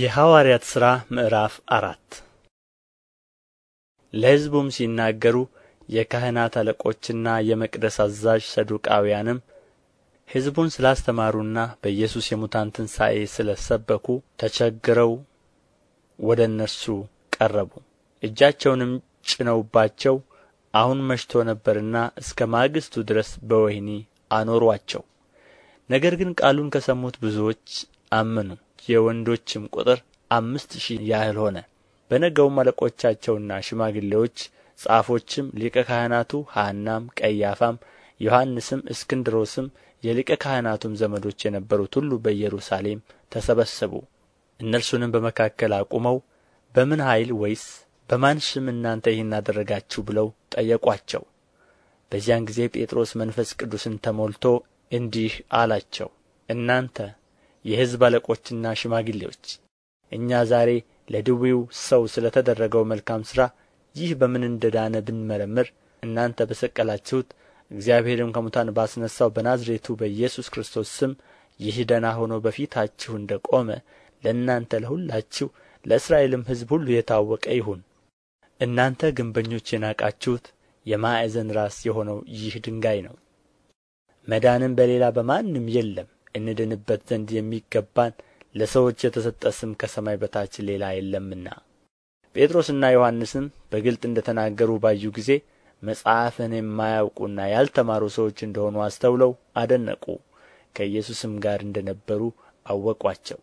የሐዋርያት ሥራ ምዕራፍ አራት ለሕዝቡም ሲናገሩ የካህናት አለቆችና የመቅደስ አዛዥ ሰዱቃውያንም ሕዝቡን ስላስተማሩና በኢየሱስ የሙታን ትንሣኤ ስለ ሰበኩ ተቸግረው ወደ እነርሱ ቀረቡ። እጃቸውንም ጭነውባቸው አሁን መሽቶ ነበርና እስከ ማግስቱ ድረስ በወህኒ አኖሯቸው። ነገር ግን ቃሉን ከሰሙት ብዙዎች አመኑ። የወንዶችም ቁጥር አምስት ሺህ ያህል ሆነ በነገውም አለቆቻቸውና ሽማግሌዎች ጻፎችም ሊቀ ካህናቱ ሐናም ቀያፋም ዮሐንስም እስክንድሮስም የሊቀ ካህናቱም ዘመዶች የነበሩት ሁሉ በኢየሩሳሌም ተሰበሰቡ እነርሱንም በመካከል አቁመው በምን ኃይል ወይስ በማን ስም እናንተ ይህን አደረጋችሁ ብለው ጠየቋቸው በዚያን ጊዜ ጴጥሮስ መንፈስ ቅዱስን ተሞልቶ እንዲህ አላቸው እናንተ የሕዝብ አለቆችና ሽማግሌዎች እኛ ዛሬ ለድዊው ሰው ስለ ተደረገው መልካም ሥራ ይህ በምን እንደ ዳነ ብንመረምር እናንተ በሰቀላችሁት እግዚአብሔርም ከሙታን ባስነሣው በናዝሬቱ በኢየሱስ ክርስቶስ ስም ይህ ደና ሆኖ በፊታችሁ እንደ ቆመ ለእናንተ ለሁላችሁ ለእስራኤልም ሕዝብ ሁሉ የታወቀ ይሁን። እናንተ ግንበኞች የናቃችሁት የማዕዘን ራስ የሆነው ይህ ድንጋይ ነው። መዳንም በሌላ በማንም የለም እንድንበት ዘንድ የሚገባን ለሰዎች የተሰጠ ስም ከሰማይ በታች ሌላ የለምና ጴጥሮስና ዮሐንስም በግልጥ እንደ ተናገሩ ባዩ ጊዜ መጽሐፍን የማያውቁና ያልተማሩ ሰዎች እንደሆኑ አስተውለው አደነቁ ከኢየሱስም ጋር እንደ ነበሩ አወቋቸው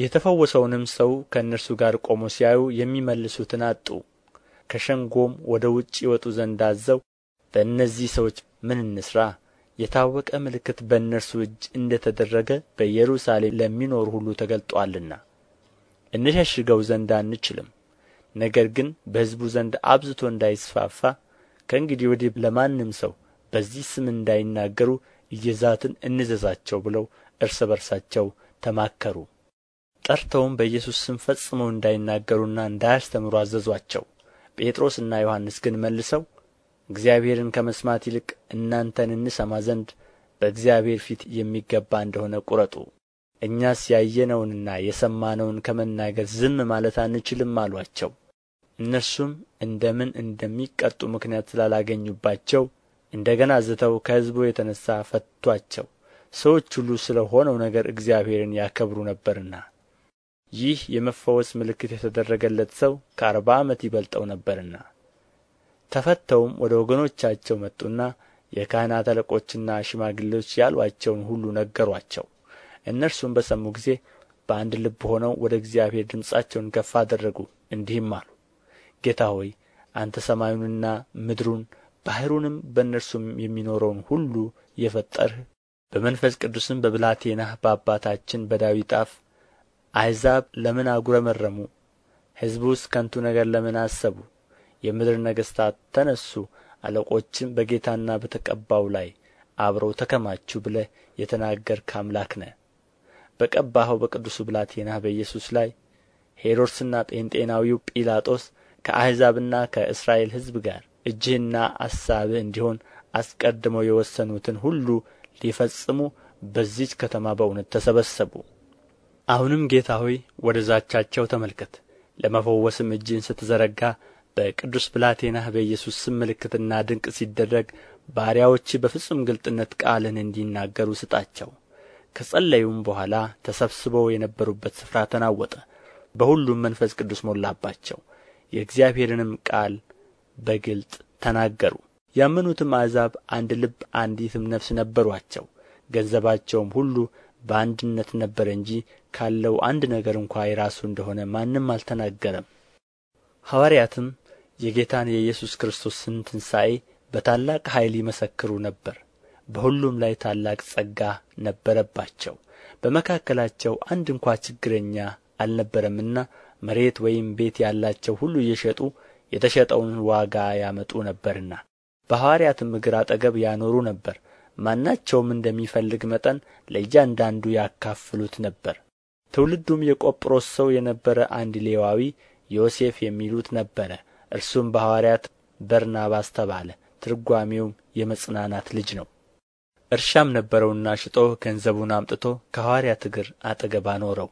የተፈወሰውንም ሰው ከእነርሱ ጋር ቆሞ ሲያዩ የሚመልሱትን አጡ ከሸንጎም ወደ ውጭ ይወጡ ዘንድ አዘው በእነዚህ ሰዎች ምን እንሥራ የታወቀ ምልክት በእነርሱ እጅ እንደ ተደረገ በኢየሩሳሌም ለሚኖሩ ሁሉ ተገልጦአልና እንሸሽገው ዘንድ አንችልም ነገር ግን በሕዝቡ ዘንድ አብዝቶ እንዳይስፋፋ ከእንግዲህ ወዲህ ለማንም ሰው በዚህ ስም እንዳይናገሩ እየዛትን እንዘዛቸው ብለው እርስ በርሳቸው ተማከሩ ጠርተውም በኢየሱስ ስም ፈጽመው እንዳይናገሩና እንዳያስተምሩ አዘዟቸው ጴጥሮስና ዮሐንስ ግን መልሰው እግዚአብሔርን ከመስማት ይልቅ እናንተን እንሰማ ዘንድ በእግዚአብሔር ፊት የሚገባ እንደሆነ ቁረጡ። እኛስ ያየነውንና የሰማነውን ከመናገር ዝም ማለት አንችልም አሏቸው። እነርሱም እንደምን እንደሚቀጡ ምክንያት ስላላገኙባቸው እንደ ገና ዝተው ከሕዝቡ የተነሣ ፈቷቸው ሰዎች ሁሉ ስለ ሆነው ነገር እግዚአብሔርን ያከብሩ ነበርና ይህ የመፈወስ ምልክት የተደረገለት ሰው ከአርባ ዓመት ይበልጠው ነበርና ተፈተውም ወደ ወገኖቻቸው መጡና የካህናት አለቆችና ሽማግሌዎች ያሏቸውን ሁሉ ነገሯቸው። እነርሱም በሰሙ ጊዜ በአንድ ልብ ሆነው ወደ እግዚአብሔር ድምፃቸውን ከፍ አደረጉ እንዲህም አሉ ጌታ ሆይ አንተ ሰማዩንና ምድሩን ባሕሩንም በእነርሱም የሚኖረውን ሁሉ የፈጠርህ በመንፈስ ቅዱስም በብላቴናህ በአባታችን በዳዊት አፍ አሕዛብ ለምን አጉረመረሙ ሕዝቡስ ከንቱ ነገር ለምን አሰቡ የምድር ነገሥታት ተነሡ አለቆችም በጌታና በተቀባው ላይ አብረው ተከማቹ ብለ የተናገር አምላክ ነ። በቀባኸው በቅዱሱ ብላቴናህ በኢየሱስ ላይ ሄሮድስና ጴንጤናዊው ጲላጦስ ከአሕዛብና ከእስራኤል ሕዝብ ጋር እጅህና አሳብህ እንዲሆን አስቀድመው የወሰኑትን ሁሉ ሊፈጽሙ በዚች ከተማ በእውነት ተሰበሰቡ አሁንም ጌታ ሆይ ወደ ዛቻቸው ተመልከት ለመፈወስም እጅህን ስትዘረጋ በቅዱስ ብላቴናህ በኢየሱስ ስም ምልክትና ድንቅ ሲደረግ ባሪያዎች በፍጹም ግልጥነት ቃልን እንዲናገሩ ስጣቸው ከጸለዩም በኋላ ተሰብስበው የነበሩበት ስፍራ ተናወጠ በሁሉም መንፈስ ቅዱስ ሞላባቸው የእግዚአብሔርንም ቃል በግልጥ ተናገሩ ያመኑትም አሕዛብ አንድ ልብ አንዲትም ነፍስ ነበሯቸው ገንዘባቸውም ሁሉ በአንድነት ነበረ እንጂ ካለው አንድ ነገር እንኳ የራሱ እንደሆነ ማንም አልተናገረም ሐዋርያትም የጌታን የኢየሱስ ክርስቶስን ትንሣኤ በታላቅ ኃይል ይመሰክሩ ነበር በሁሉም ላይ ታላቅ ጸጋ ነበረባቸው በመካከላቸው አንድ እንኳ ችግረኛ አልነበረምና መሬት ወይም ቤት ያላቸው ሁሉ እየሸጡ የተሸጠውን ዋጋ ያመጡ ነበርና በሐዋርያትም እግር አጠገብ ያኖሩ ነበር ማናቸውም እንደሚፈልግ መጠን ለእያንዳንዱ ያካፍሉት ነበር ትውልዱም የቆጵሮስ ሰው የነበረ አንድ ሌዋዊ ዮሴፍ የሚሉት ነበረ እርሱም በሐዋርያት በርናባስ ተባለ ትርጓሜውም የመጽናናት ልጅ ነው እርሻም ነበረውና ሽጦ ገንዘቡን አምጥቶ ከሐዋርያት እግር አጠገብ አኖረው